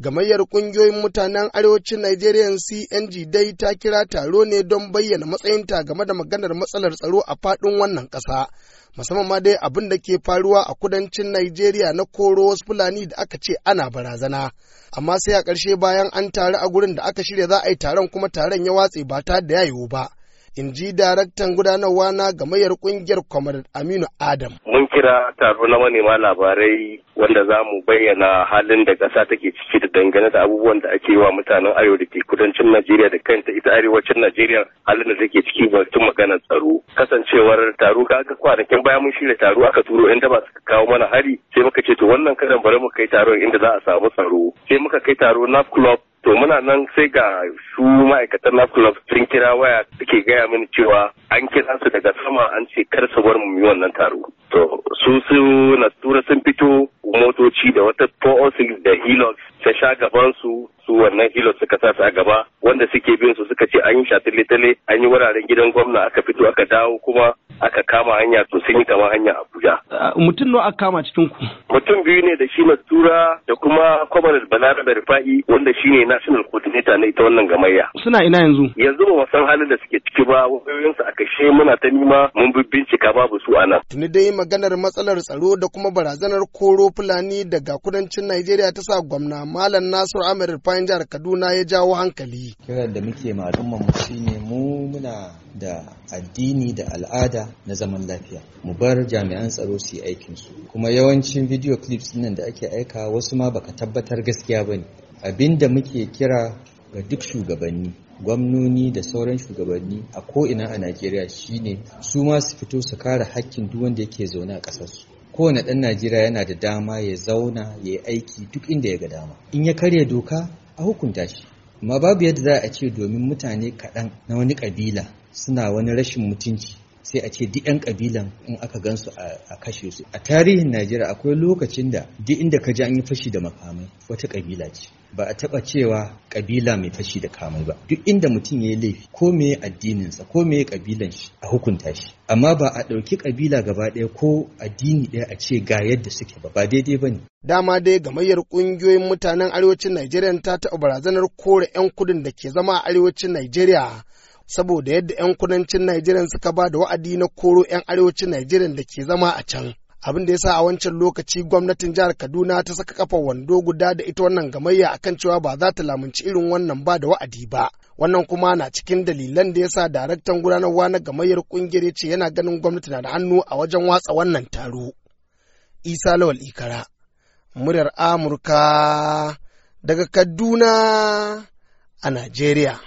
Gamayyar ƙungiyoyin mutanen arewacin Nigerian CNG dai ta kira taro ne don bayyana matsayinta game da maganar matsalar tsaro a faɗin wannan ƙasa. Musamman ma dai abin da ke faruwa a kudancin Najeriya na koro wasu Fulani da aka ce ana barazana. Amma sai a ƙarshe bayan an taru a gurin da aka shirya za a yi taron kuma taron ya watse ba ta da yayiwu ba. In ji daraktan gudanarwa na gamayyar ƙungiyar Kwamar Aminu Adam. kira taro na manema labarai wanda za mu bayyana halin da ƙasa take ciki da dangane da abubuwan da ake yi wa mutanen ayo da ke kudancin Najeriya da kanta ita arewacin Najeriya halin da take ciki batun magana tsaro. Kasancewar taro ka aka kwanakin baya mun shirya taro aka turo inda ba suka kawo mana hari sai muka ce to wannan karan bari mu kai taron inda za a samu tsaro. Sai muka kai taro na club to muna nan sai ga su ma'aikatan na club sun kira waya suke gaya mini cewa an kira su daga sama an ce kar su bar mu yi wannan taro to su su tura sun fito motoci da wata 406 da hilux ta sha gaban su su wannan hilux suka sa su a gaba wanda suke bin su suka ce an yi tale an yi wuraren gidan gwamna aka fito aka dawo kuma aka kama hanya to sun yi kama hanya Abuja. Uh, mutum nawa aka kama cikin ku? Mutum biyu ne da shi Tura da kuma Kwamarar Balarabe Rufa'i wanda shi ne National Coordinator na ita wannan gamayya. Suna ina yanzu? Yanzu ba san halin da suke ciki ba wayoyinsu a kashe muna ta nima mun bi bincika babu su a nan. Tuni dai maganar matsalar tsaro da kuma barazanar koro Fulani daga kudancin Najeriya ta sa gwamna Malam Nasiru Ahmed Rufa'i jihar Kaduna ya jawo hankali. kiran da muke malaman mu shine mu muna da addini da al'ada na zaman lafiya mu bar jami'an tsaro su yi aikin su kuma yawancin video clips nan da ake aika wasu ma baka tabbatar gaskiya bane abinda muke kira ga duk shugabanni gwamnoni da sauran shugabanni a ko'ina a najeriya shine su ma su fito su kare hakkin duk wanda yake zaune a ƙasarsu kowane ɗan najeriya yana da dama ya zauna ya yi aiki duk inda ya ga dama in ya karya doka a hukunta shi amma babu yadda za a ce domin mutane kaɗan na wani ƙabila suna wani rashin mutunci sai a ce duk 'yan kabilan in aka gansu a kashe su a tarihin najeriya akwai lokacin da duk inda ka ji an yi fashi da makamai wata kabila ce ba a taba cewa kabila mai fashi da kamai ba duk inda mutum ya yi laifi ko me addininsa ko me kabilan shi a hukunta shi amma ba a ɗauki kabila gaba ɗaya ko addini ɗaya a ce ga yadda suke ba ba daidai ba ne dama dai gamayyar ƙungiyoyin mutanen arewacin najeriya ta taɓa barazanar kore 'yan kudin da ke zama a arewacin najeriya saboda yadda 'yan kudancin Najeriya suka ba da wa'adi na koro 'yan arewacin Najeriya da ke zama a can. Abin da ya sa a wancan lokaci gwamnatin jihar Kaduna ta saka kafa wando guda da ita wannan gamayya akan cewa ba za ta lamunci irin wannan ba da wa'adi ba. Wannan kuma na cikin dalilan da ya sa daraktan gudanarwa na gamayyar kungiyar ce yana ganin gwamnati na da hannu a wajen watsa wannan taro. Isa Lawal Ikara, muryar Amurka daga Kaduna a Najeriya.